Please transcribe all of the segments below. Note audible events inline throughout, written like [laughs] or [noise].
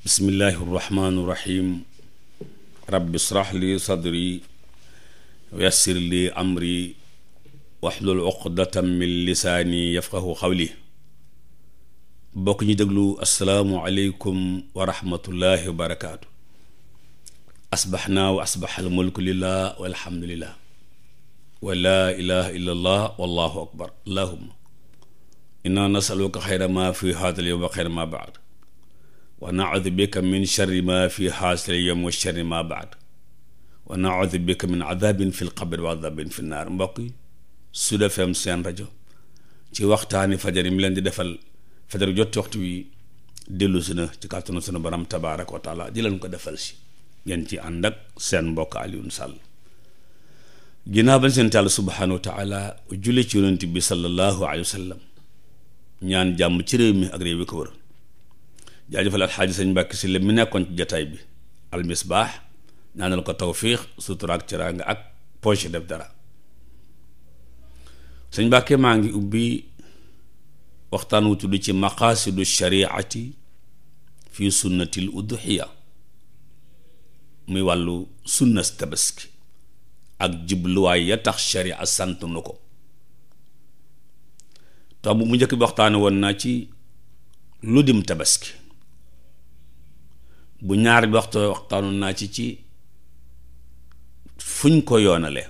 bismillahi irrahmaani irrahim rabbi israh li sadri wa yassir li amri waxlul uqdatan min lisaani yafqahu xawli bokk ñu déglu asalaamu aleykum wa rahmatullahi wa barakaatu asbaxnaa wa asbaxal mulku lillah walhamdulillah wa laa ilaha illa allah wallahu akbar allahuma inna nasaluka xayra ma fi haadal yowm wa xayra ma baad wa naudu bika min sharri ma fi haasal yowm wa sharri ma baad wa naudu bika min adabin fi lqabri wa adabin fi naar mbokk yi Sud FM seen rajo ci waxtaani fajar yi mu leen di defal fajar jot waxtu wi dellu si na ci kàttanu sunu borom tabaaraka wa taala di leen ko defal si ngeen ci ànd ak seen mbokk Alioune Sall ginnaaw bañ seen tàll subhaanahu wa taala julli ci yonent bi sallallahu alayhi wa ñaan jàmm ci réew mi ak réew yi ko jaajëfal alxaaji sëñ Mbàkke si lépp mi nekkoon ci jataay bi almisbaax ñaanal ko tawfiix sutura ak ak poche def dara sëñ Mbàkke maa ngi ubbi waxtaan wu tudd ci maqaasidu shariati fi sunnatil udhiya muy wàllu sunna tabaski ak jubluwaay ya tax sharia sant nu ko tomb mu njëkk bi waxtaane woon naa ci lu dim tabaski bu ñaari waxtu waxtaanoon naa ci ci fuñ ko yoonale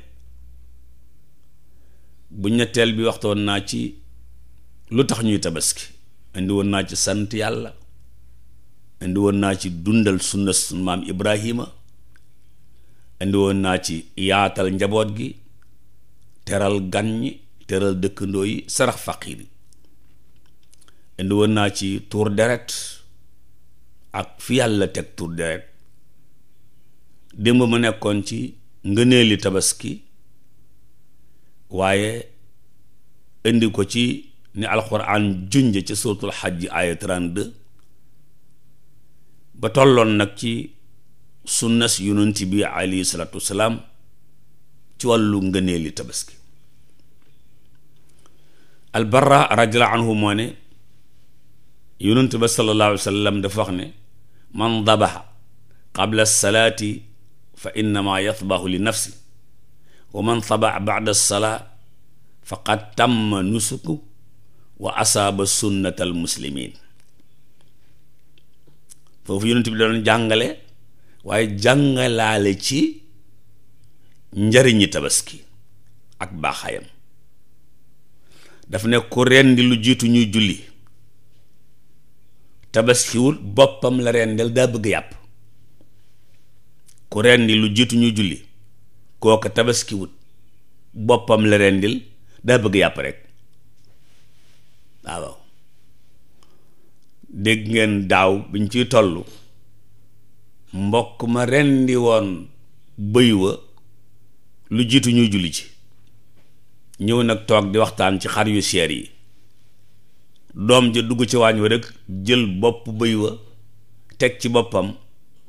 bu ñetteel bi waxtoon naa ci lu tax ñuy tabaski indiwoon naa ci sant yàlla indi woon naa ci dundal sunna sunu maam ibrahima indi woon naa ci yaatal njaboot gi teral gan ñi teral dëkkandoo yi sarax faqiir yi indi naa ci tuur deret ak fi yàlla teg tur rek démb ma nekkoon ci ngëneeli tabaski waaye indi ko ci ni alxuraan junj ci suratul xajj aaya 32 ba tolloon nag ci sunnas yonent bi alayhi salaatu wasalaam ci wàllu ngëneeli tabaski albarra radiallahu anhu moo ne yonent ba sallallahu alayhi dafa wax ne man dabaxa qabla salaati fa innama yatbaxu li nafsi wa man tabax bada salaa faqad tamma nusuku wa asaaba sunnata al muslimin foofu yonent bi doon jàngale waaye jàngalaale ci njariñi tabaski ak baaxaayam daf ne ko rendi lu jiitu ñuy julli tabaskiwul boppam la rendel daa bëgg yàpp ku rendi lu jiitu ñu julli kooka tabaskiwut boppam la rendil daa bëgg yàpp rek waaw dégg ngeen daaw biñ ciy tollu mbokk ma rendi woon bëy lu jiitu ñuy julli ci ñëw nag toog di waxtaan ci xar yu seer yi doom ja dugg ci waañ wa rek jël bopp bëy wa teg ci boppam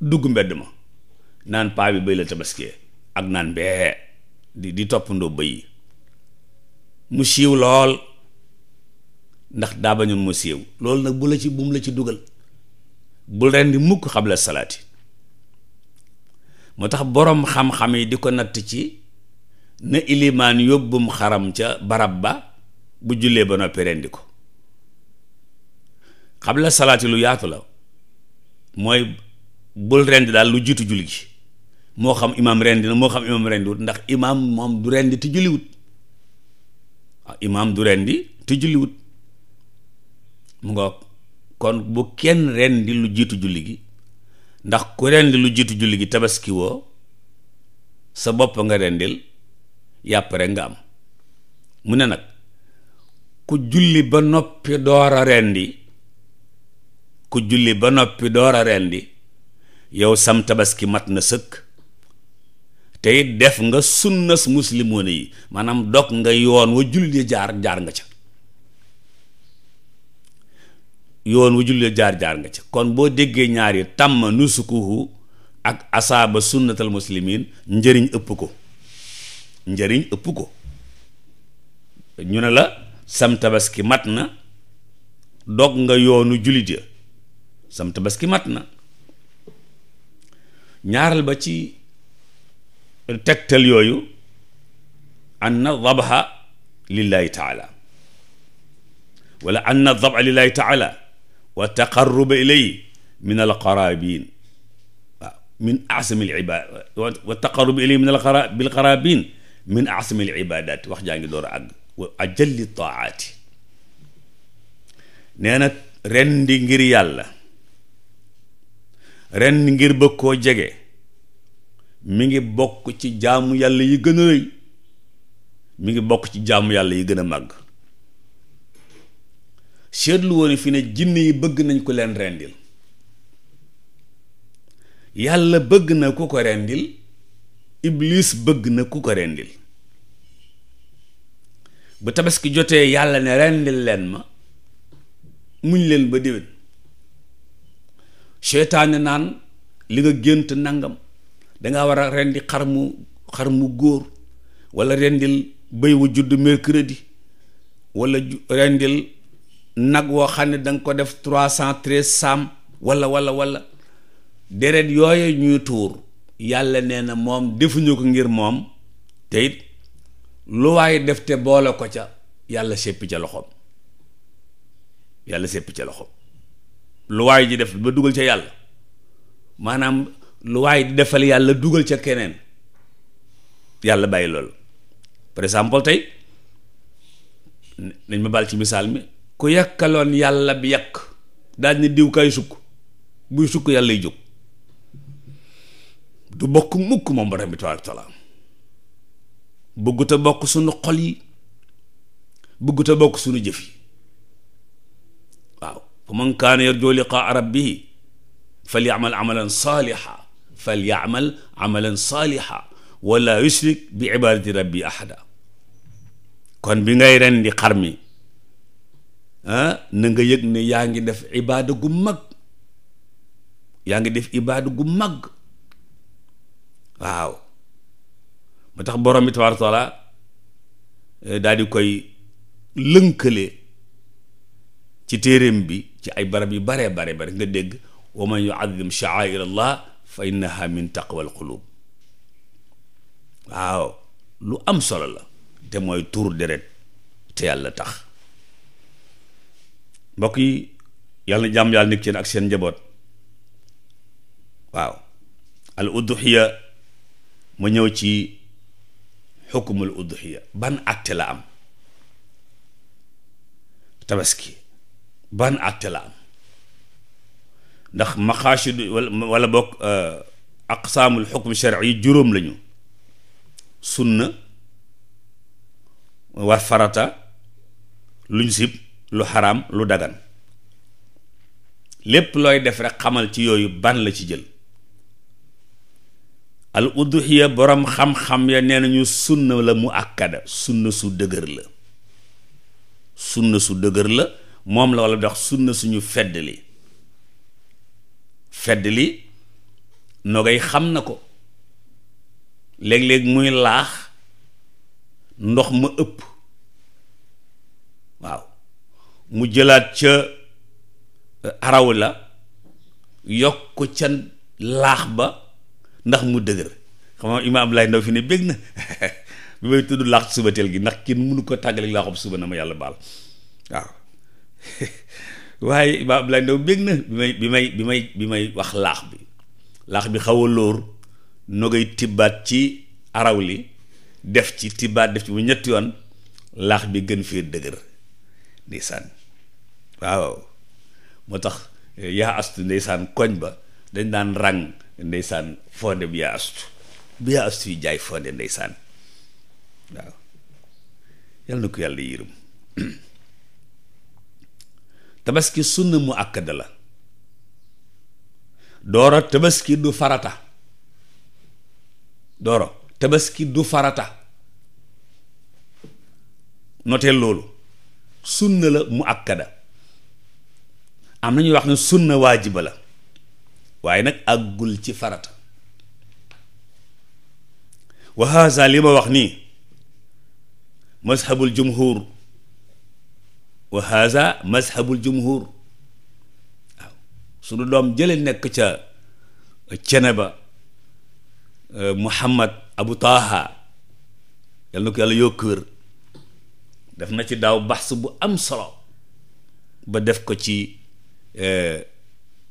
dugg mbedd ma naan paa bi bëy la tabaskee ak naan bee di di toppandoo bëy yi mu siiw lool ndax daa bañoon mu siiw loolu nag bu la ci bum la ci dugal bul rendi mukk xabla salaati moo tax boroom xam-xam yi di ko natt ci na ilimaan yóbbum xaram ca barab ba bu jullee ba noppi rendi ko xam xabla salaati lu yaatu la mooy bul rendi daal lu jiitu julli gi moo xam imaam rendi na moo xam imaam rendiwut ndax imaam moom du rendi te julliwut waaw ah, imaam du rendi te kon bu kenn rendi jiitu julli gi ndax ku rendi lu jiitu julli gi tabaski woo sa bopp nga rendil yàpp rek nga am mu ne nag ku julli ba noppi door a rendi ku julli ba noppi door a rendi yow sam tabaski mat na sëkk te def nga sunnas muslimoon yi maanaam dog nga yoon wa julli jaar jaar nga ca yoon wu julli jaar jaar nga ca kon boo déggee ñaar yi tàmm nusukuhu ak asaaba sunnatal muslimin njëriñ ëpp ko njëriñ ëpp ko ñu ne la sam tabaski mat na dog nga yoonu jullit ya sam tabaski mat na ñaaral ba ci tegtal yooyu anna dabha lillahi taala wala anna dabha lillahi taala wa taqarruba ilay min alqarabin waaw min asami alibada wa taqarruba ilay min alqara bilqarabin min asami alibadat wax jaa ngi door a àgg wa ajalli taati nee na rendi ngir yàlla ren ngir bëgg koo jege mi ngi bokk ci jaamu yàlla yi gën a rëy mi ngi bokk ci jaamu yàlla yi gën a màgg seetlu woon fi ne jinn yi bëgg nañ ko leen rendil yàlla bëgg na ku ko rendil iblis bëgg na ku ko rendil bu tabaski jotee yàlla ne rendil leen ma muñ leen ba déwén seytaane naan li nga gént nangam danga war a rendi xar mu xar mu góor walla rendil béy wu judd walla wala rendil nag woo xam ne danga ko def trois cent treize sam wala wala walla deret yooye ñuy tuur yàlla nee na moom defuñu ko ngir moom te lu waaye def te boole ko ca yàlla seppi ca loxoom yàlla seppi ca loxoom lu waay ji def ba dugal ca yàlla maanaam lu waay di defal yàlla dugal ca keneen yàlla bàyyi loolu par exemple tey dañ ma baal ci misaal mi ku yàkkaloon yàlla bi yàkk daal ni diw kaay sukk buy sukk yàlla y jóg du bokk mukk moom borom bi tabaaraka taala bëggut a bokk suñu xol yi bëggut a bokk suñu jëf yi wa man kaana yarjuu liqaa rabbihi falyamal amalan saaliha falyamal amalan saaliha wala yushrik bi ibadati rabbi ahada kon bi ngay ren di xar mi ah na nga yëg ne yaa ngi def ibaada gu mag ngi def ibaada gu mag waaw ma tax borom bi tabaaraka taala eh, daal di koy lënkale ci téeréem bi ci ay barab yu baree bare bare nga dégg wa man yuazim shaair allah fa innaha min taqwal qulub waaw lu am solo la te mooy tuur deret te yàlla tax mbokk yi yàlla na jàmm yàlla nekk seen ak seen njaboot waaw al udduxiya mu ñëw ci xukkumul udduxiya ban àtte la am tabaski ban àtte la am ndax maxaasidu wala wala bokk euh, aqsaamul xukm shar'i juróom lañu sunna war farata luñ sib lu xaraam lu dagan lépp looy def rek xamal ci yooyu ban la ci jël al uduxiya boroom xam-xam ya nee nañu sunna la mu akkada sunna su dëgër la sunna su dëgër la moom la walla dox sunna suñu fedd li fedd li nogay xam na ko léeg-léeg muy laax ndox ma ëpp waaw mu jëlaat ca eh, araw la yokk ko ca laax ba ndax mu dëgër xam nga imaam Abdoulaye Ndaw fi ne bég na [laughs] bi may tudd laax suba teel gi ndax kenn mënu ko tàggale laaxub suba na ma yàlla baal waaw [laughs] waaye Imaam Abdoulaye Ndaw bég na bi may bi may bi may wax laax bi laax bi xaw a lóor nogay tibbaat ci araw li def ci tibbaat def ci bu ñetti yoon laax bi gën fee dëgër ndeysaan waaw moo tax eh, yaa astu ndeysaan koñ ba dañ daan ràng ndeysaan fonde bi yaa astu bi yaa astu yi jaay fonde ndeysaan waaw yal ko yàlla yërëm [clears throat] tabaski sunna mu akkada la dooro tabaski du farata dooro tabaski du farata noteel loolu sunna la mu akkada am na ñuy wax ni sunna waajiba la waaye nag àggul ci farata wa haza ma wax nii mazhabul jumhur wa haza mazhabul jumhur waaw sunu doom jële nekk ca euh, cene ba euh, Muhammad Abu Taha yal na ko yàlla yoo kër def na ci daaw baxs bu am solo ba def ko ci euh,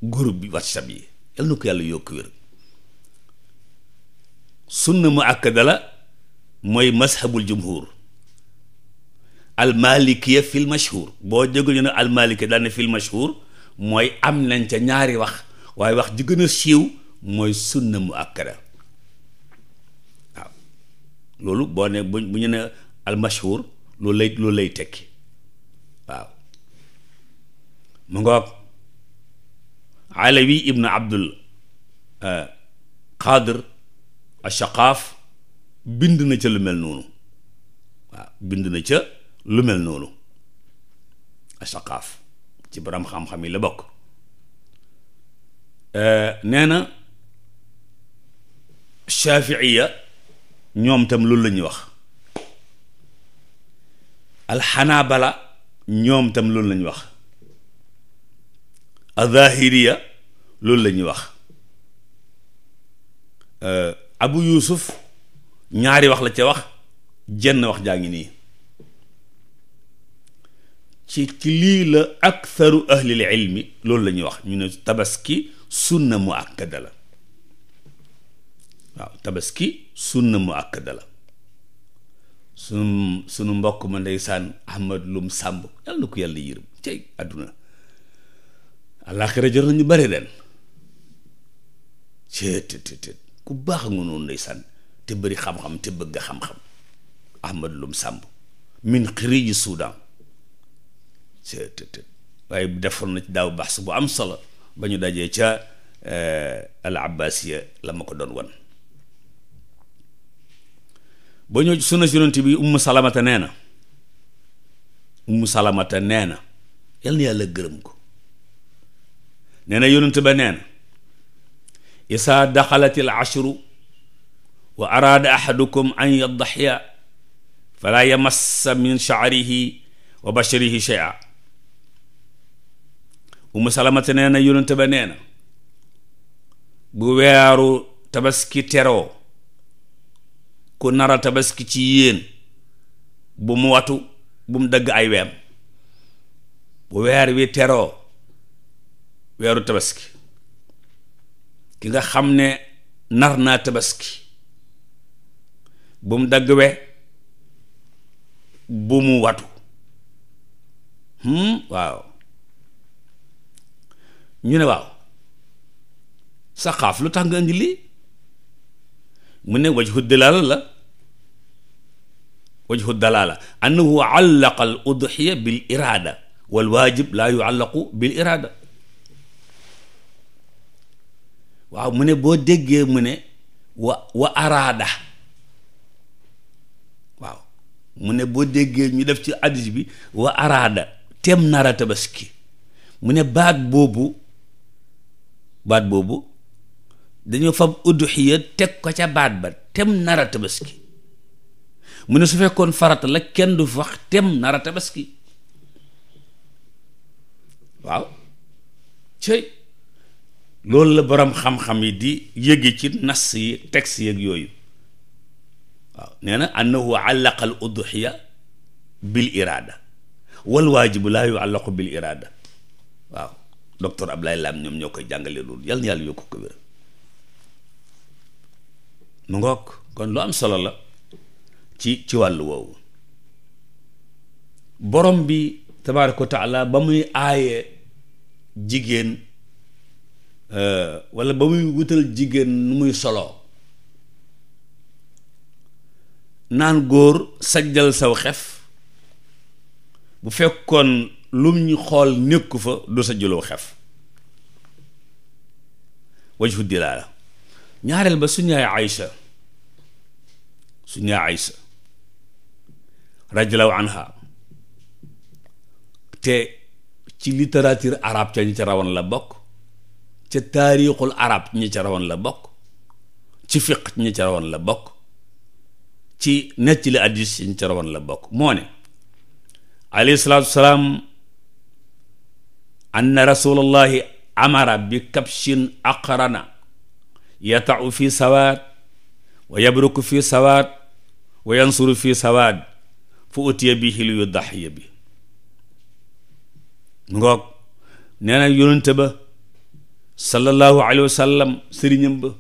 groupe bi whatsapp yi yal na ko yàlla yokk wér sunna mu akkada la mooy mazhabul jumhur almalikiya fil mashhur boo jógee ñu ne almalikiya daal ne fil mashhur mooy am nañ ca ñaari wax waaye wax ji gën a siiw mooy sunna mu akkada waaw loolu boo ne bu bu ñu ne almashhur loolu lay loolu lay tekki waaw mu ngoog alawi ibnu abdul euh, qadir ashaqaaf bind na ca lu mel noonu waaw bind na ca lu mel noonu asaqaaf ci borom xam-xam yi la bokk euh, nee na shaafiiya ñoom tam loolu la ñuy wax alxanaabala ñoom tam loolu la ñuy wax azahiriya loolu la ñuy wax euh, abu yusuf ñaari wax la ca wax jenn wax jaa ngi nii ci ci lii la aktharu ahlil ilmi loolu la ñuy wax ñu ne tabaski sunna mu akkada la waaw tabaski sunna mu akkada la sunu sunu mbokk ma ndeysaan ahmad lum sàmb yàlla na ko yàlla yërëm cey àdduna àllaaxira jot nañu bare den céet céet ku baax nga noonu ndeysaan te bëri xam-xam te bëgg xam-xam ahmad lum sàmb min xiriji soudan waaye defoon na ci daaw baax bu am solo ba ñu dajee ca eh, al abbasiya la ma ko doon wan ba ñëw sunna si yonent bi ummu salamata nee na ummu salamata nee na yal na yàlla gërëm ko nee na yonent ba nee na isaa daxalati al ashru wa araada ahadukum an yaddaxiya falaa yamassa min shaarihi wa basharihi shay'a umu salamata nee na yonente ba nee na bu weeru tabaski teroo ku nara tabaski ci yéen bu mu watu bu mu dagg ay weem bu weer wi teroo weeru tabaski ki nga xam ne nar naa tabaski bu mu dagg we bu mu watu hmm waaw ñu ne waaw saxaaf lu tax nga indi lii mu ne wajhu dalaala la wajhu dalaala annahu allaqa al udxiya bil iraada wal waajib laa yuallaqu bil iraada waaw mu ne boo déggee mu ne wa wa araada waaw mu ne boo déggee ñu def ci hadis bi wa araada tem nara tabaski mu ne baat boobu baat boobu dañoo fab udduxiya teg ko ca baat ba tem nara tabaski mu ne su fekkoon farata la kenn du wax tem nara tabaski waaw cëy loolu la boroom xam-xam yi di yëge ci nas yi texte yeeg yooyu waaw nee na annahu àllaqa al bil iraada wal waajibu laa yuàllaqu bil iraada docteur Ablaye Lam ñoom ñoo koy jàngale loolu yal na yàlla yokk ko wér mu ngoog kon lu am solo la ci ci wàllu woowu borom bi tabaaraka wa ba muy aaye jigéen euh, walla ba muy wutal jigéen nu muy solo naan góor sajjal saw xef bu fekkoon lum ñu xool nekku fa du sa jëloo xef wajhu dilaala ñaareel ba suñu yaay Aïcha suñu yaay Aïcha radiyallahu te ci littérature arabe ca ñi ca rawoon la bokk ca taarixul arab ñi ca rawoon la bokk ci fiq ñi ca rawoon la bokk ci nettali hadiis ñi ca rawoon la bokk moo ne alayhi salaam anna rasulallahi amara bi kabshin aqrana yatau fi sawaad wa yabruku fi sawaad wa yansuru fi sawaad fu utiya bi xil yu daxiya bi ngoog nee na yonente ba sallallahu alayhi wa sallam sëriñam ba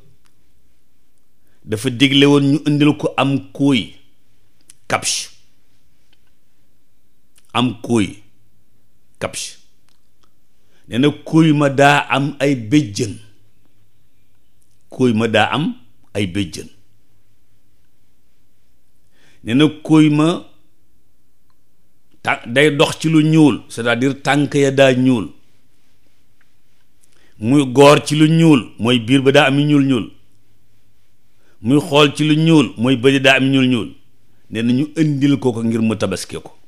dafa digle woon ñu indil ko am kóoy kabsh am kóoy kabsh nee na kuy ma daa am ay bëjjën kuy ma daa am ay bëjjën nee na ma ta day dox ci lu ñuul cest à tànk ya daa ñuul muy góor ci lu ñuul mooy biir ba daa am ñuul ñuul muy xool ci lu ñuul mooy bëj daa am ñuul ñuul nee na ñu indil ko ngir mu tabaske ko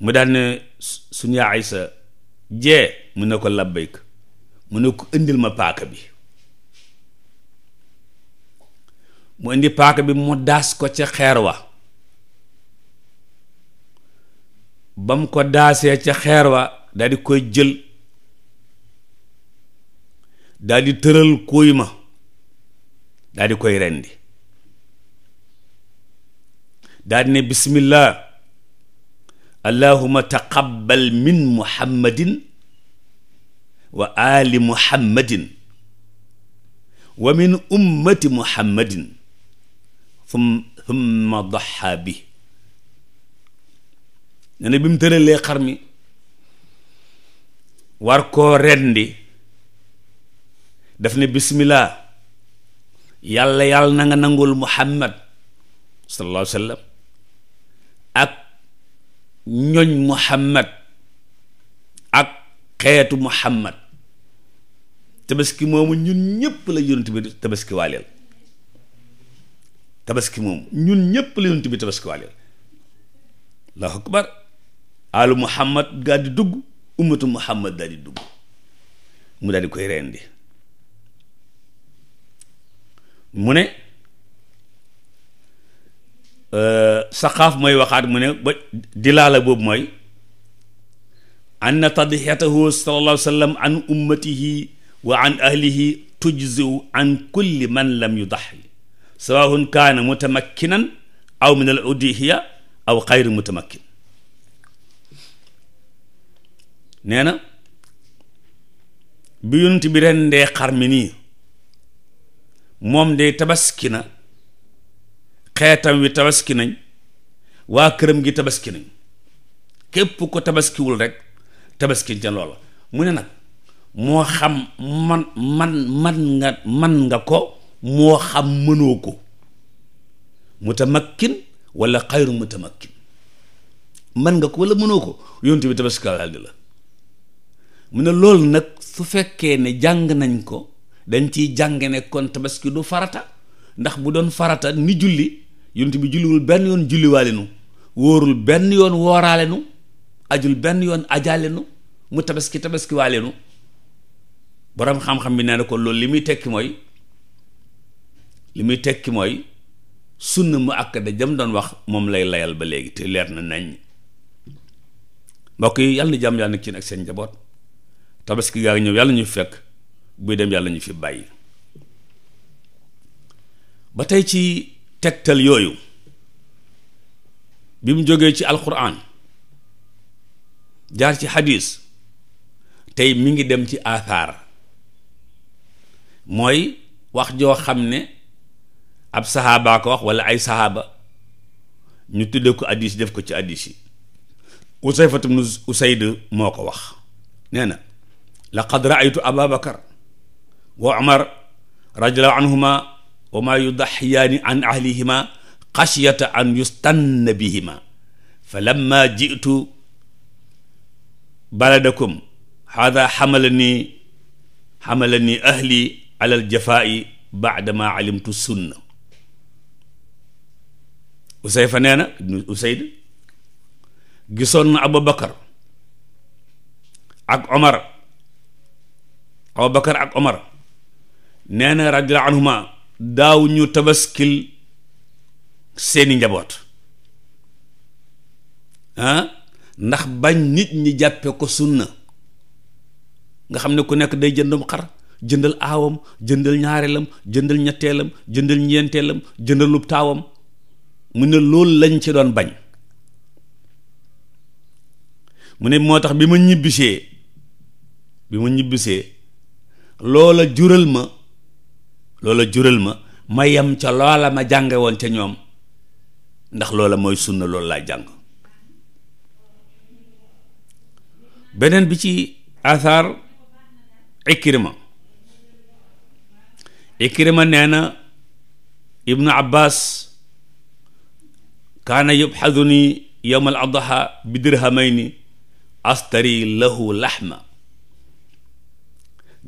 mu daal ne suñu sa jee mu ne ko labbayk mu ne ko indil ma paaka bi mu indi paaka bi mu daas ko ca xeer wa ba mu ko daasee ca xeer wa daal di koy jël daal di tëral kuy ma daal di koy rendi daal ne bismillah allahuma taqabbal min muhammadin wa ali muhammadin wa min ummati muhammadin thumma daxa bi ne na bi mu tëralee xar mi war koo rendi daf ne bismillah yàlla yàlla na nga nangul muhammad sallallahu alayhi ñoñ muhammad ak xeetu muhammad tabaski moomu ñun ñëpp la yonent bi tabaski waaleel tabaski moomu ñun ñëpp la yonent bi tabaski waaleel allahu akbar alu muhammad daal di dugg ummatu muhammad daal di dugg mu daal di koy rendi mu ne Euh, saqaaf mooy waxaat mu ne ba dilaala boobu mooy anna tadxiyatahu sallallahu alayhi wa sallam an ummatihi wa an ahlihi tujziu an kulli man lam yudaxi sawaaun kaana mutamakkinan aw min al udihiya aw xayru mutamakkin nee na bi yunt bi ren dee xar mi nii moom de tabaski na xeetam wi tabaski nañ waa këram gi tabaski nañ képp ko tabaskiwul rek tabaski ca loola mu ne nag moo xam man man man nga man nga ko moo xam mënoo ko mutamakkin walla xayru mutamakkin man nga ko wala mënoo ko yontu bi tabaskalaal di la mu ne loolu nag su fekkee ne jàng nañ ko dañ ciy jàng ne tabaski du farata ndax bu doon farata ni julli yonent bi julliwul benn yoon julliwaale wóorul benn yoon wooraale nu ajul benn yoon ajaale mu tabaski tabaski waale boroom xam-xam bi nee na ko loolu li muy tekki mooy li muy tekki mooy sunna mu akkada jam doon wax moom lay layal ba léegi te leer na nañ mbokk yi yàlla na jàmm yàlla na ci ak seen njaboot tabaski gaa ngi ñëw yàlla ñu fekk buy dem yàlla ñu fi bàyyi ba tey ci tegtal yooyu bi mu jógee ci alquran jaar ci hadis tey mi ngi dem ci aathar mooy wax joo xam ne ab sahaabaa ko wax wala ay sahaaba ñu tudde ko hadis def ko ci hadis yi usayfat ibnu usayd moo ko wax nee na laqad raaytu ababakar wa omar radiallahu anhuma wa maa yudaxiyaani an ahlihima xashyata an yustanna bihima fa lamma jitu baladakum haada xamalani xamalani ahli ala aljafaai baadama alimtu sunna usay fa nee na usayd gisoon na abubakar ak omar abubakar ak omar nee na radiallahu anhuma daaw ñu tabaskil seeni njaboot ah ndax bañ nit ñi jàppe ko sunna nga xam ne ku nekk day jëndum xar jëndal aawam jëndal ñaareelam jëndal ñetteelam jëndal ñeenteelam jëndalub taawam mu ne loolu lañ ci doon bañ mu ne moo tax bi ma ñibbisee bi ma ñibbisee loola jural ma loola jural ma ma yem ca loola ma jànge woon ca ñoom ndax loola mooy sunna loolu laa jàng beneen bi ci athar ikrima ikrima nee na ibnu abbas kaana yubxadu ni yowmal al adha bi dirhamayni astari lahu laxma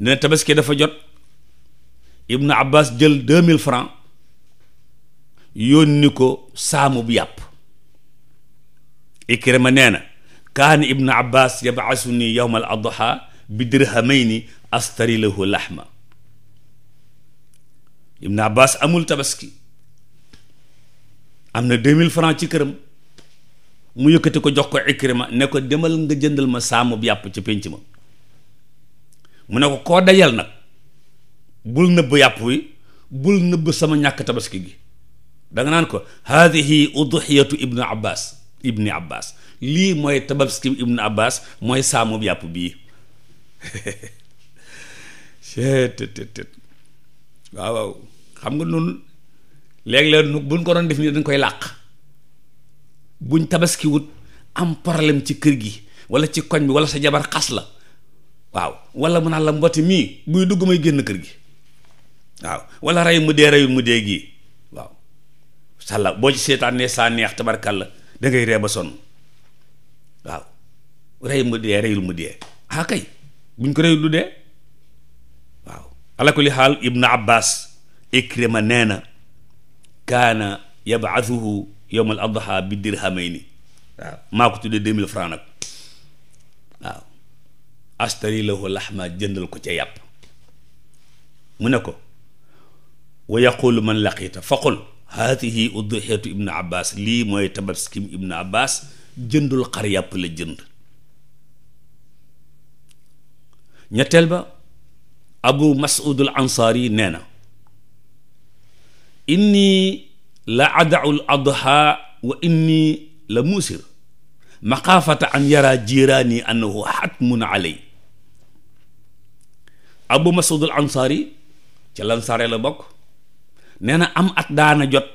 nee na tabaski dafa jot ibnu abbas jël deux mille francs yónni ko saamu bu yàpp ikrima neena na kaan ibnu abbas yabaasu ni yowma al adha bi dirhamayni astari lahu lahma ibnu abbas amul tabaski am na deux mille francs ci këram mu yëkkati ko jox ko ikrima ne ko demal nga jëndal ma saamu bu yàpp ci pénc ma mu ne ko koo dajal nag bul nëbb yàpp wi bul nëbb sama ñàkk tabaski gi danga naan ko haadihi udhiyatu ibnu abbas ibni abbas lii mooy tabaski ibnu abbas mooy saamub yàpp bii [laughs] cetttët waaw waaw xam nga nun léeg-léeg nu buñ ko doon def nii dañ koy làq buñ tabaskiwut am problème ci kër gi wala ci koñ bi wala sa jabar xas la waaw wala mu naan la mbotti mii buy dugg may génn kër gi waaw wala rey mu dee reyul mu dee gii waaw sàlla boo ci seetaan ne saa neex tabarkalla da ngay ree ba sonn waaw rey mu dee reyul mu dee ah kay buñ ko reyul du dee waaw ala kulli xaal ibnu abbas ikrima nee na kaana yabaathuhu yowm al adha bi dirhamayni waaw maa ko tuddee deux mille francs nag waaw astari lahu laxma jëndal ko ca yàpp mu ne ko wa yaqulu man laqita faqul haatihi udhiyatu ibnu abbas lii mooy tabaskim ibnu abbas jëndul xar yàpp la jënd ñetteel ba abu masudul ansaari nee na inni la adau l adha wa inni la muusir maxaafata an yara jiraani annahu xatmun aley abu masudul ansaari ca lansaare la bokk nee na am at daana jot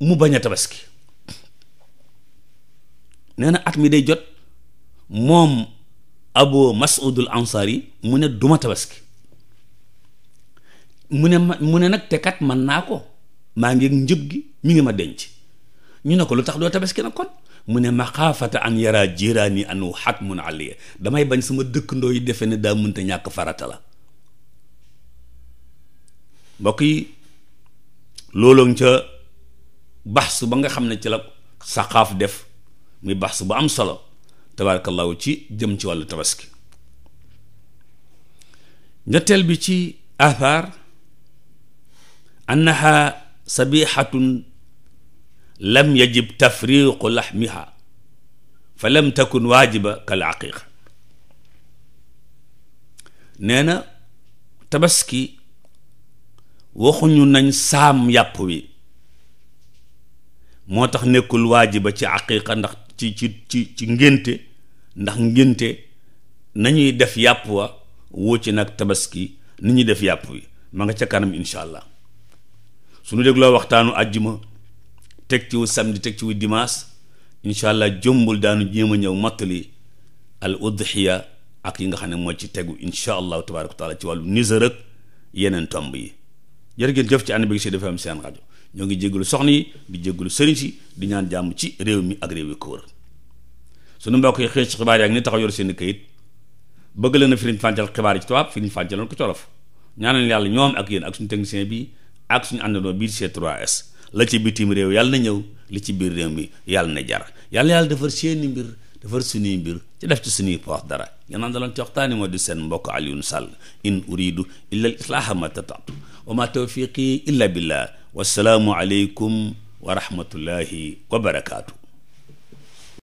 mu bañ a tabaski nee na at mi day jot moom abu masudul ansari mu ne duma tabaski mu ne ma mu ne nag te kat man naa ko maa ngi njëb gi mi ngi ma denc ñu ne ko lu tax doo tabaski nag kon mu ne maxaafata an yara jiraani mu xatmun aliya damay bañ sama dëkkandoo yi defe ne daa mënta ñàkk farata la mbokk looloo ca baxsu ba nga xam ne ci la saxaaf def muy baxs bu am solo tabaarakallaahu ci jëm ci wàllu tabaski ñetteel bi ci athar annaha sabixatun lam yajib tafriqu laxmiha fa lam takun waajiba kal aqiqa nee tabaski waxuñu nañ saam yàpp wi moo tax nekkul waajiba ci aqiqa ndax ci ci ci ci ngénte ndax ngénte nañuy def yàpp wa woo ci nag tabaski ni ñuy def yàpp wi ma nga ca kanam insha allah suñu loo waxtaanu àjjuma teg ci wu samedi teg ci wu dimanche insha allah jombul daanu jéem a ñëw mattali al udhiya ak yi nga xam ne moo ci tegu insha allahu tabaraka wa ci wàllu nisar yeneen tomb yi jërë ngeen jëf ci ànd bi ngi Sud FM seen rajo ñoo ngi jégalu soxna yi di jégalu sëriñ si di ñaan jàmm ci réew mi ak réew yi ko wër sunu mbokk yi xëy ci xibaar yi ak ni taxaw yor seen i kayit bëgg leen a firiñ fàncal xibaar yi ci tubaab firiñ fàncaloon ko colof ñaanal yàlla ñoom ak yéen ak suñu technicien bi ak suñu àndandoo bii di C3S la ci bitim réew yàlla na ñëw li ci biir réew mi yàlla na jar yàlla yàlla defar seeni mbir defar suñuy mbir ci def ci suñuy poox dara ngeen àndaloon ci waxtaani moo di seen mbokk Alioune Sall in uridu illa al islaaha ma tataatu wa ma tawfiqi illa billah wassalaamu aleykum wa rahmatullahi wa barakaatu